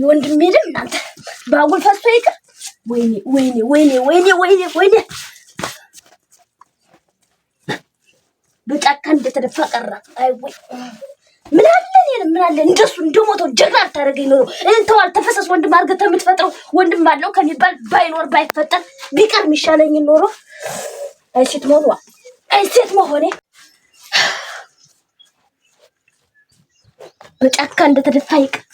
የወንድሜ ደም እናንተ በአጉል ፈሶ ይቅር። ወይኔ ወይኔ ወይኔ ወይኔ ወይኔ ወይኔ በጫካ እንደተደፋ ቀረ። አይ ወይ ምን አለ እኔንም ምን አለ እንደሱ እንደሞተው ጀግና አታደርገኝ ኖሮ እንተዋል ተፈሰስ ወንድም አድርገህ ተምትፈጥረው ወንድም አለው ከሚባል ባይኖር ባይፈጠር ቢቀር የሚሻለኝ ኖሮ አይሽት ሞቷል ሴት መሆኔ በጫካ እንደተደፋ ይቅር።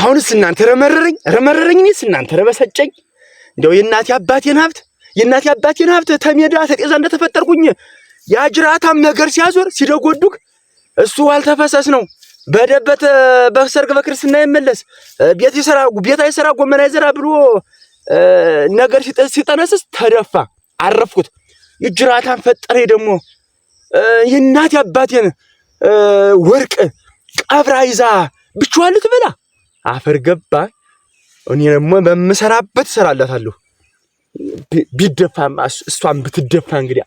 አሁንስ እናንተ ረመረረኝ ረመረረኝ። እኔስ እናንተ ረበሰጨኝ። እንደው የእናቴ አባቴን ሀብት የእናቴ አባቴን ሀብት ተሜዳ ተጤዛ እንደተፈጠርኩኝ የአጅራታም ጅራታም ነገር ሲያዞር ሲደጎዱግ እሱ አልተፈሰስ ነው በደበት በሰርግ በክርስትና የመለስ ቤት ይሰራ ቤት አይሰራ ጎመን አይዘራ ብሎ ነገር ሲጠነስስ ተደፋ። አረፍኩት። የጅራታን ፈጠረ ደግሞ የእናት አባቴን ወርቅ ቀብራ ይዛ ብቻዋን ልትበላ አፈር ገባ። እኔ ደግሞ በምሰራበት እሰራላታለሁ። ቢደፋም እሷን ብትደፋ እንግዲህ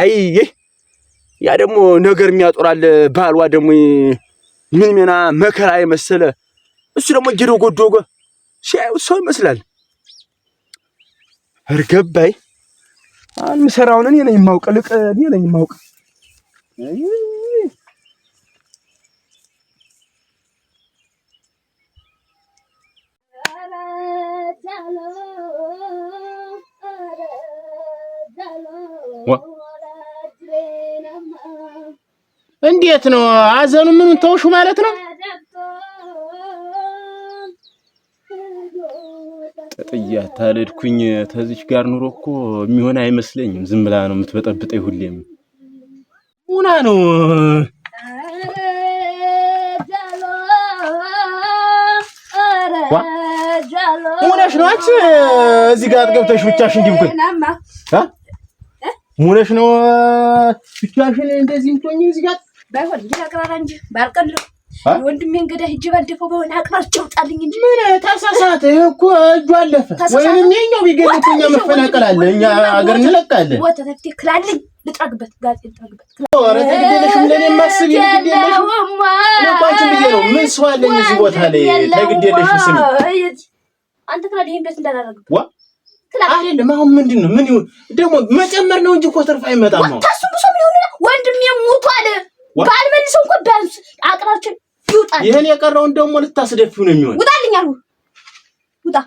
አይ ያ ደግሞ ነገር የሚያጦራል። ባሏ ደግሞ ምን ሜና መከራ የመሰለ እሱ ደግሞ ጌዶ ጎዶጎ ሰው ይመስላል። እርገባይ የምሰራውን እኔ ነኝ የማውቅ ልቅ እኔ ነኝ የማውቅ። እንዴት ነው አዘኑ? ምኑን ተውሹ ማለት ነው? ካልሄድኩኝ ተዚች ጋር ኑሮ እኮ የሚሆን አይመስለኝም። ዝም ብላ ነው የምትበጠብጠኝ ሁሌም ሁና ነው ሙነሽ ነው አንቺ እዚህ ጋር ገብተሽ ብቻሽን እንዲብኩኝ ሙነሽ ነው ብቻሽን እንደዚህ ምቶኝ እዚህ ጋር ባይሆን ይላቀራራ እንጂ ባልቀልም ወንድሜ እንገዳ ሂጅ ባልደፈው በሆነ አቅራቸው ውጣልኝ እንጂ ምን ተሳሳተ? እኮ እጁ አለፈ። ወይንም የኛው ቢገኝ እኮ እኛ መፈናቀል አለ፣ እኛ ሀገር እንለቃለን። ወጣ ክላልኝ ልጥራግበት ጋዜ ልጥራግበት ወረደ ግዴለሽ እንደኔ ማስብ ይግዴለሽ ለባችን ብዬ ነው። ምን ሰው አለ እዚህ ቦታ ላይ ለግዴለሽ ስም አንተ ክላል ይሄን ቤት እንዳላረግበት ዋ አይደለም። አሁን ምንድን ነው ምን ይሁን ደግሞ መጨመር ነው እንጂ እኮ ትርፍ አይመጣም። አሁን ታሱ ብሶ ምን ይሁን ወንድሜ ሙቷል። ባልመልሰው እኮ ባልስ አቅራችን ይሄን የቀረውን ደግሞ ልታስደፊው ነው የሚሆን። ውጣልኝ አልኩህ። ውጣ።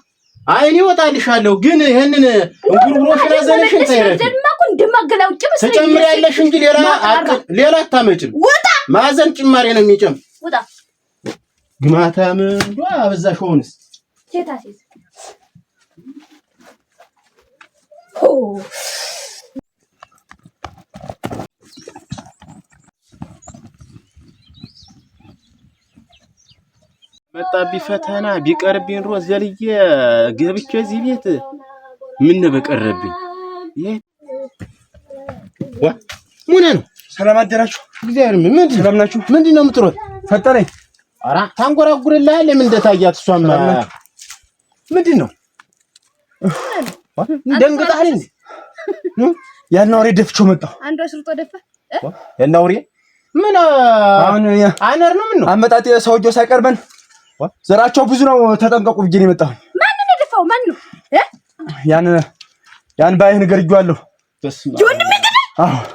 አይ እኔ እወጣልሻለሁ፣ ግን ይህንን እንጉርጉሮሽን አዘለሽን ታይረፊ ትጨምሪያለሽ እንጂ ሌላ አታመጭም። ማዘን ጭማሬ ነው የሚጨም ግማታም እንዷ አበዛሽ። ሆንስ ሴታ ሴት መጣብኝ ፈተና ቢቀርብኝ ሮዝ ዘልዬ ገብቼ እዚህ ቤት ምን በቀረብኝ። ይሄ ሙና ነው። ሰላም አደራችሁ። እግዚአብሔር ይመስገን። ሰላም ናችሁ? ምንድን ነው የምጥሩት? ፈጠረኝ። ኧረ ታንጎራጉርልሃል። ለምን እንደታያት እሷማ ምንድን ነው ደንግጣል እንዴ? ያን አውሬ ደፍቾ መጣሁ። አንዱ አስርጦ ደፋ። ያን አውሬ ምን አነር ነው? ምን ነው አመጣጤ ሰውዬው ሳይቀርበን ዘራቸው ብዙ ነው። ተጠንቀቁ ብዬ ነው የመጣሁት። ማን ነው የደፋው? ማን ነው ያን ያን ባይህ ነገር ይጇለሁ። አዎ፣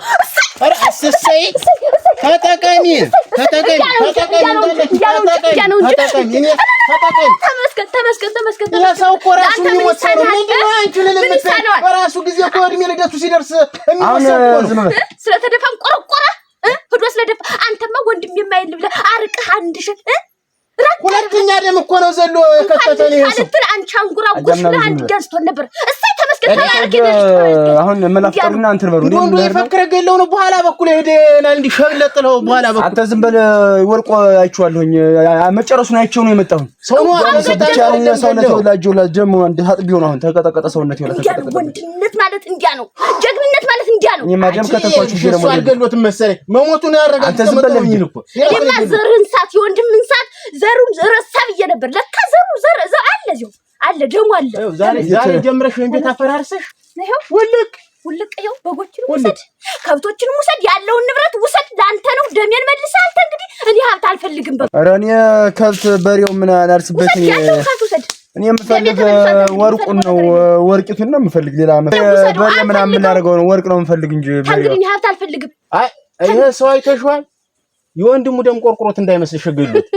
ተጠቀሚ፣ ተጠቀሚ፣ ተጠቀሚ ሰው ራሱ ነው? ጊዜ እኮ እድሜ ልደቱ ሲደርስ ስለተደፋም ቆረቆረ ሂዶ ስለደፋ አንተማ ወንድም የማይል ብለህ አርቀህ አንድ ሁለተኛ ደም እኮ ነው ዘሎ የከተተን። ይሄ ሰው አንቺ አንጎራጉሽ ለአንድ ገዝቶን ነበር። እሰይ ተመስገን፣ ተባረክ። አሁን መላፍቀርና እንትን በሩ ነው ወንዱ የፈከረ ገለው ነው። በኋላ በኩል ሄደናል። እንዲ ሸብለጥ በኋላ በኩል አንተ ዝም በል። ወርቆ አይቼዋለሁኝ መጨረሱን አይቼው ነው የመጣሁኝ። ሰው ነው አንሰጥቻ ያለ ሰው ነው ተወላጅ ወላጅ ደም አንድ አጥቢ ቢሆን አሁን ተቀጠቀጠ ሰውነት ይወላ ተቀጠቀጠ። ወንድነት ማለት እንዲያ ነው። ጀግንነት ማለት እንዲያ ነው። እኔማ ደም ከተኳችሁ ጀረሙ አልገሎትም መሰለኝ መሞቱን ያረጋግጥ። አንተ ዝም በል ለምን ይልኩ የማዘርህን ሰዓት የወንድምህን ሰዓት ዘሩም ረሳ ብዬ ነበር። ለካ ዘሩ ዘር አለ እዚሁ አለ ደሞ አለ። ዛሬ ጀምረሽ ወይም ቤት አፈራርሰሽ ይኸው ውልቅ ውልቅ፣ ይኸው በጎችን ውሰድ፣ ከብቶችን ውሰድ፣ ያለውን ንብረት ውሰድ። ለአንተ ነው፣ ደሜን መልሰህ አንተ እንግዲህ። እኔ ሀብት አልፈልግም። በቃ ኧረ እኔ ከብት በሬው ምን አላርስበት ውሰድ እኔ የምፈልግ ወርቁን ነው፣ ወርቂቱን ነው የምፈልግ። ሌላ በሬ ምናምን የምናደርገው ነው፣ ወርቅ ነው የምፈልግ እንጂ እኔ ሀብት አልፈልግም። አይ ይሄ ሰው አይተሽዋል የወንድሙ ደም ቆርቆሮት እንዳይመስል ግሉት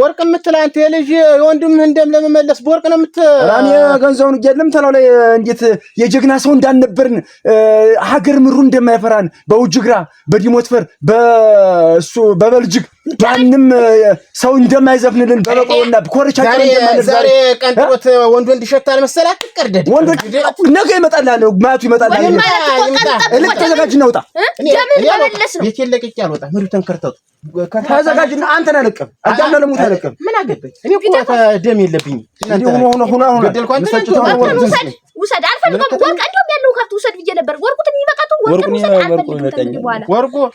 ወርቅ የምትል አንተ የልጅ የወንድምህን ደም ለመመለስ በወርቅ ነው የምት ራኒ ገንዘውን እያለም ተላው ላይ እንዴት የጀግና ሰው እንዳልነበርን ሀገር ምሩ እንደማይፈራን በውጅግራ በዲሞትፈር በሱ በበልጅግ ማንም ሰው እንደማይዘፍንልን በበቀውና ኮርቻ ዛሬ ቀንጥሮት ወንዶ እንዲሸታ ለመሰለ አትቀርደድ። ወንዶች ነገ ማቱ ይመጣል ልክ ተዘጋጅ እናውጣ። ቤት ለቅቄ አልወጣም። ሂዱ ተንከርተቱ ተዘጋጅ። አለቅም አዳም ለሙት አለቅም። ምን አገባኝ እኔ እኮ ደም ውሰድ አልፈልገም። ወርቅ ያለው ከብት ውሰድ ብዬ ነበር። ወርቁት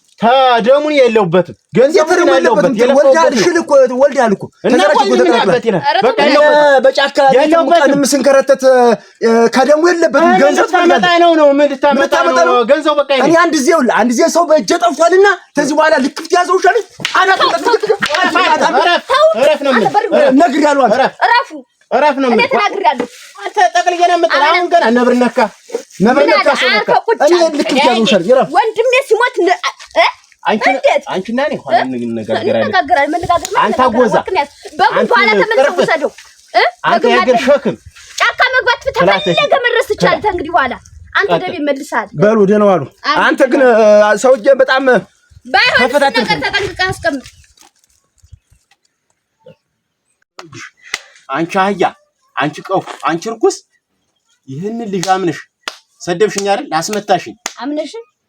ተደሙን የለውበትም ገንዘብ የለውበት ወልዳል ያልኩ በጫካ ቀንም ስንከረተት ከደሙ የለበትም። ገንዘብ ታመጣ ነው ነው ምን ነው? ገንዘብ በቃ እኔ አንድ ጊዜ አንድ ጊዜ ሰው በእጄ ጠፍቷልና ከዚህ በኋላ ልክፍት ያዘው ሻል አናት ነግሬያለሁ። እረፉ እረፍ ነው እኔ ተናግሬያለሁ። አንተ ጠቅልዬ ነው የምጥለው። አሁን ገና ነብር ነካ ነብር ነካ ሰው ነካ። እኔ ልክፍት ያዘው ሻል ወንድሜ ሲሞት አንቺና እኔ ሆነ እንነጋገራለን። አንተ አጎዛ አንተ ሸክም ጫካ መግባት ተፈለገ መድረስ ትችላለህ። እንግዲህ አንተ ደብ ይመልሳል። በሉ ደህና ዋሉ። አንተ ግን ሰውዬ በጣም ባይሆን ነገር ተጠንቅቀህ አስቀምጥ። አንቺ አህያ፣ አንቺ ቀው፣ አንቺ እርኩስ፣ ይህንን ልጅ አምነሽ ሰደብሽኝ አይደል? አስመታሽኝ አምነሽኝ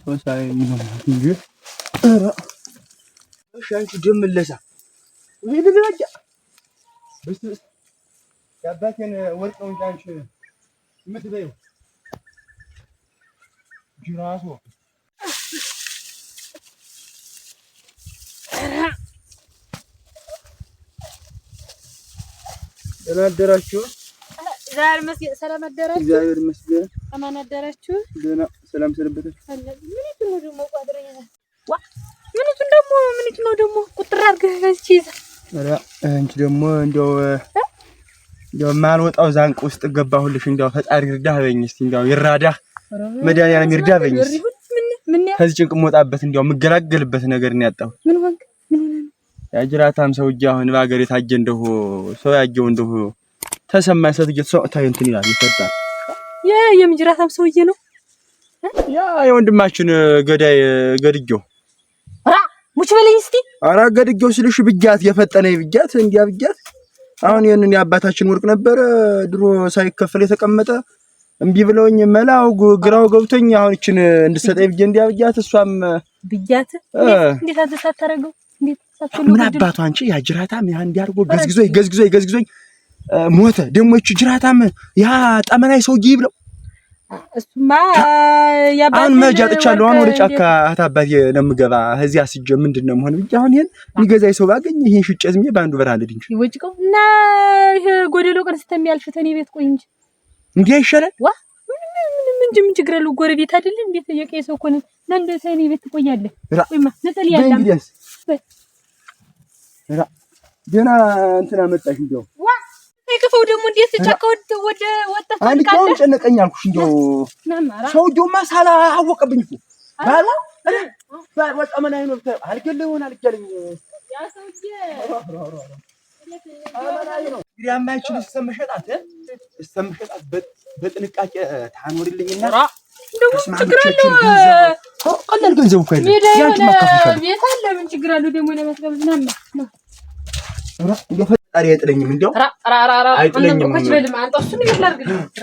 የአባቴን ወርቅ ነው እንጂ አንቺ የምትበይው ጅራሱ ደህና አደራችሁ። ሰላም አደራችሁ። እግዚአብሔር ይመስገን። ሰላም አደራችሁ። ሰላም ሰነበተች። ምንቱን ደግሞ ምንቱን ነው ደግሞ ቁጥር አድርገህ በዚች ይዘህ ደግሞ የማልወጣው ዛንቅ ውስጥ ገባሁልሽ። እንደው ፈጣሪ ይርዳህ በይኝ እስኪ ይራዳህ መድኃኒዓለም ይርዳህ በይኝ እስኪ። ከዚህ ጭንቅ የምወጣበት እንደው የምገላገልበት ነገር ነው ያጣሁት። ምን ሆንክ? ምን ሆነ? ያ አሁን በሀገር የታጀ ሰው ያየው እንደሁ ተሰማኝ። ሰትዬ ሰው እንትን ይላል ይፈጣል። የምጅራታም ሰውዬ ነው ያ የወንድማችን ገዳይ ገድጌው ራ ሙች በለኝ እስቲ። አራ ገድጌው ስልሽ ብጃት የፈጠነ ብጃት እንዲያ ብጃት። አሁን ይህንን የአባታችን ወርቅ ነበረ ድሮ ሳይከፈል የተቀመጠ እምቢ ብለውኝ መላው ግራው ገብቶኝ አሁን እችን እንድሰጠኝ ብዬ እንዲያ ብጃት። እሷም ብጃት እንዴት አዘሳ እንዴት ምን አባቱ አንቺ ያ ጅራታም ያ እንዲያርጎ ገዝግዞኝ ገዝግዞኝ ገዝግዞኝ ሞተ። ደግሞ እቺ ጅራታም ያ ጠመናይ ሰውዬ ብለው እሱማ አሁን መሄጃ አጥቻለሁ። አሁን ወደ ጫካ እህት አባቴ ነው የምገባ። እዚያ ስጀ ምንድን ነው መሆን ብቻ አሁን ይሄን የሚገዛኝ ሰው ባገኝ ይሄን ሽጬ ዝም ብዬ በአንዱ በር አለድ እንጂ ይወጭቀው እና ይሄ ጎደሎ ቀን ስተሚያልፍ ተኔ ቤት ቆይ እንጂ እንዴ ይሻላል። ዋ ምን ምን ምን ችግር አለው? ጎረቤት አይደል እንዴ? ተየቀ የሰው ኮን ነን ሰኔ ቤት ትቆያለህ። ወይማ ነጠል ያላም ገና እንትና መጣሽ እንዲያው የክፈው ደግሞ እንዴት ጫካ ወደ ወደ ወጣ ታንካለ ጨነቀኝ አልኩሽ። እንደው ሰውዬውማ ሳላ አወቀብኝ እኮ ባሏ ባሏ ጠመና አይኖር አልገለው ይሆናል አልገለኝ ያ ሰውዬ እንግዲህ አማይችል በጥንቃቄ ታኖሪልኝና ችግር አለው። ቀላል ገንዘብ እኮ አይደለም። ቤት አለ ምን ችግር አለው ደግሞ ለማስገብ ምናምን ነው ፈጣሪ አይጥለኝም፣ እንዲያው አይጥለኝም።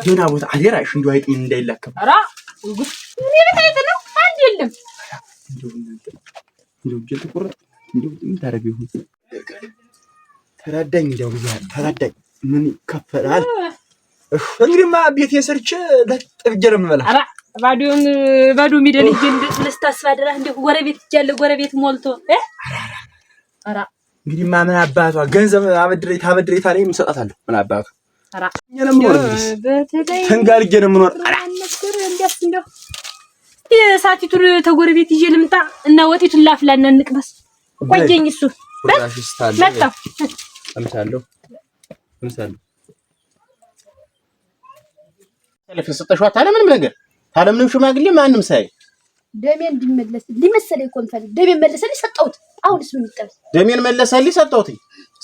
ገና ቦታ አደራሽ እንዲያው አይጥም እንዳይላከም ተራዳኝ፣ እንዲያው ተራዳኝ። ምን ይከፈላል? እንግዲህማ ቤት የሰርች ለጥብጀር ምበላ ባዶን ባዶ ሚደን ልስታስፋ አደራ እንዲሁ ጎረቤት እጃለ ጎረቤት ሞልቶ ኧረ እንግዲህ ማ ምን አባቷ ገንዘብ አበድሬ ታበድሬ ታኔ የምሰጣታለሁ። ምን አባቷ ተንጋልጄ ነው የምኖር። ሳቲቱን ተጎረቤት ይዤ ልምጣ እና ወጢቱን ላፍላና እንቅመስ። ቆየኝ እሱ መጣሁ። እምሳለሁ ነገር ሽማግሌ ማንም ሳይ ደሜን እንዲመለስ ሊመሰለኝ እኮ እንፈልግ ደሜን መለሰልኝ ሰጠሁት። አሁንስ ምን ይጠበስ? ደሜን መለሰልኝ ሰጠሁት።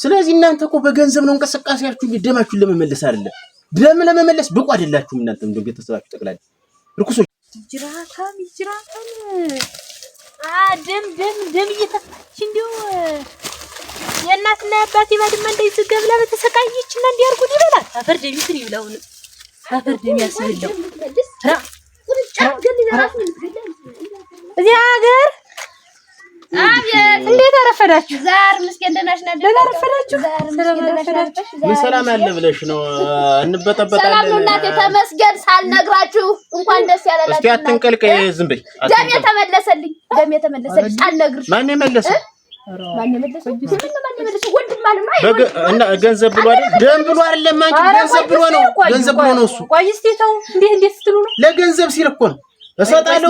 ስለዚህ እናንተ እኮ በገንዘብ ነው እንቅስቃሴያችሁ እንጂ ደማችሁን ለመመለስ አይደለም። ደም ለመመለስ ብቁ አይደላችሁም። እናንተ ምንድን ቤተሰባችሁ ጠቅላላ እርኩሶች ጅራታም ጅራታም ደም ደም ደም እየተፋች እንዲሁ የእናትና የአባቴ እንደ እንደዚህ ዝገብላ በተሰቃየች እና እንዲያርጉን ይበላል። አፈር ደም ደሚትን ይብለውን አፈር ደም ያስብለው ራ ራ እዚህ ሀገር እንዴት አረፈዳችሁ? ዛር ምስኪን ደህና አረፈዳችሁ። ምን ሰላም ብለሽ ነው እንበጠበጣለን። ሰላም ነው እናቴ፣ ተመስገን። ሳልነግራችሁ እንኳን ደስ ያላላችሁ። እስኪ አትንቀልቀ፣ ዝም በይ። ደሜ ተመለሰልኝ፣ ደሜ ተመለሰልኝ። ሳልነግርሽ ማን የመለሰ ገንዘብ ብሎ አይደል ደም ብሎ አይደለም። ገንዘብ ብሎ ነው፣ ገንዘብ ብሎ ነው እሱ። ቆይ ተው፣ እንዴት እንዴት ስትሉ ነው? ለገንዘብ ሲል እኮ ነው እሰጣለሁ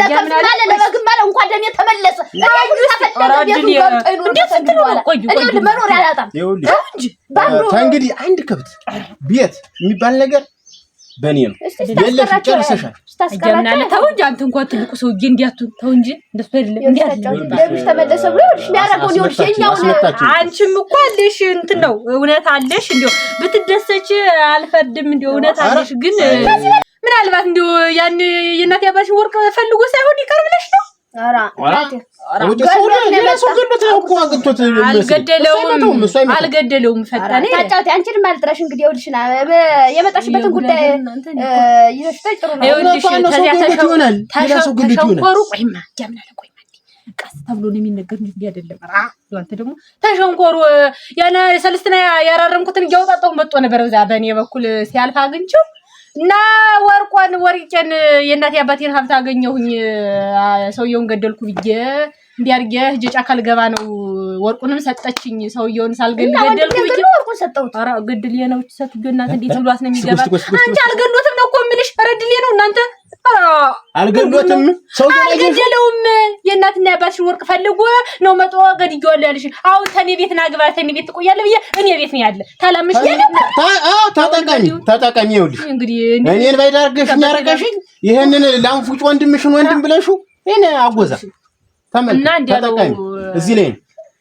ለገንዘብም አለ አንድ ከብት ቤት የሚባል ነገር በእኔ ነው። የለሽ ጨርሰሻል። ተው እንጂ አንተ እንኳን ትልቁ ሰውዬ እንዲህ ተው እንጂ እንደሱ አይደለም። እንዲህ ተመለሰ ብሎ ይኸውልሽ የሚያደርገውን ይኸውልሽ የእኛውን አንቺም እኮ አለሽ እንትን ነው እውነት አለሽ። እንደው ብትደሰች አልፈርድም። እንደው እውነት አለሽ ግን ምናልባት እንዲ ያን የእናት ያባሽን ወርቅ ፈልጎ ሳይሆን ይቀር ብለሽ ነው? አልገደለውም። ፈጣኔ ታጫውቴ አንቺንም አልጥረሽ እንግዲህ ይኸውልሽና የመጣሽበትን ጉዳይ ይዘሽ ተሸንኮሩ ቆይማ ጃምናለ ቆይማ ቀስ ተብሎ ነው የሚነገር እንጂ አይደለም። አንተ ደግሞ ተሸንኮሩ ያነ ሰልስትና ያራረምኩትን እያወጣጣሁ መጦ ነበር በዛ በእኔ በኩል ሲያልፍ አግኝቼው እና ወርቋን ወርቄን የእናቴ አባቴን ሀብት አገኘሁኝ ሰውየውን ገደልኩ ብዬ እንዲያርገ ሂጅ ጫካ ልገባ ነው። ወርቁንም ሰጠችኝ። ሰውየውን ሳልገል ገደልኩ ብዬ ወርቁን ሰጠሁት። ኧረ ግድሌ ነው ሰጥጆ እናት እንዴት ብሏት ነው የሚገባ? አንቺ አልገሎትም ነው እኮ የምልሽ። ኧረ ድሌ ነው እናንተ አልገድሎትም፣ ሰው አልገደለውም። የእናትና የአባትሽን ወርቅ ፈልጎ ነው መጦ ገድያዋለሁ ያለሽ። አሁን ተኔ ቤት ናግባ ተኔ ቤት ትቆያለህ ብዬ እኔ ቤት ነው ያለ። ታላምሽ ታጠቀሚ ታጠቀሚ። ይኸውልሽ እንግዲህ እኔን ባይዳርገሽ ያረጋሽኝ ይህንን ላንፉጭ ወንድምሽን ወንድም ብለሹ ይህን አጎዛ ተመልካች ታጠቀሚ እዚህ ላይ ነው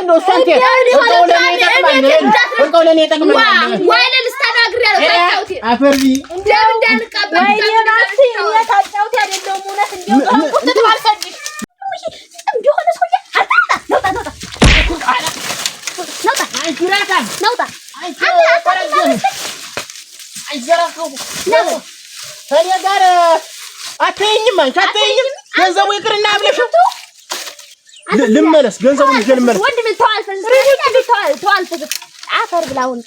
እንደው እሷ እንትን እቃው ለእኔ ይጠቅመኛል ወይ ልልስ ተናግሬያለሁ። ገንዘቡ ይቅርና ብለሽው ልመለስ፣ ገንዘቡን ልመለስ ተዋል ተዋል አፈር ብላውን